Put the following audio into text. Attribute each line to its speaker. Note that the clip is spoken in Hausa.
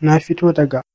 Speaker 1: na fito daga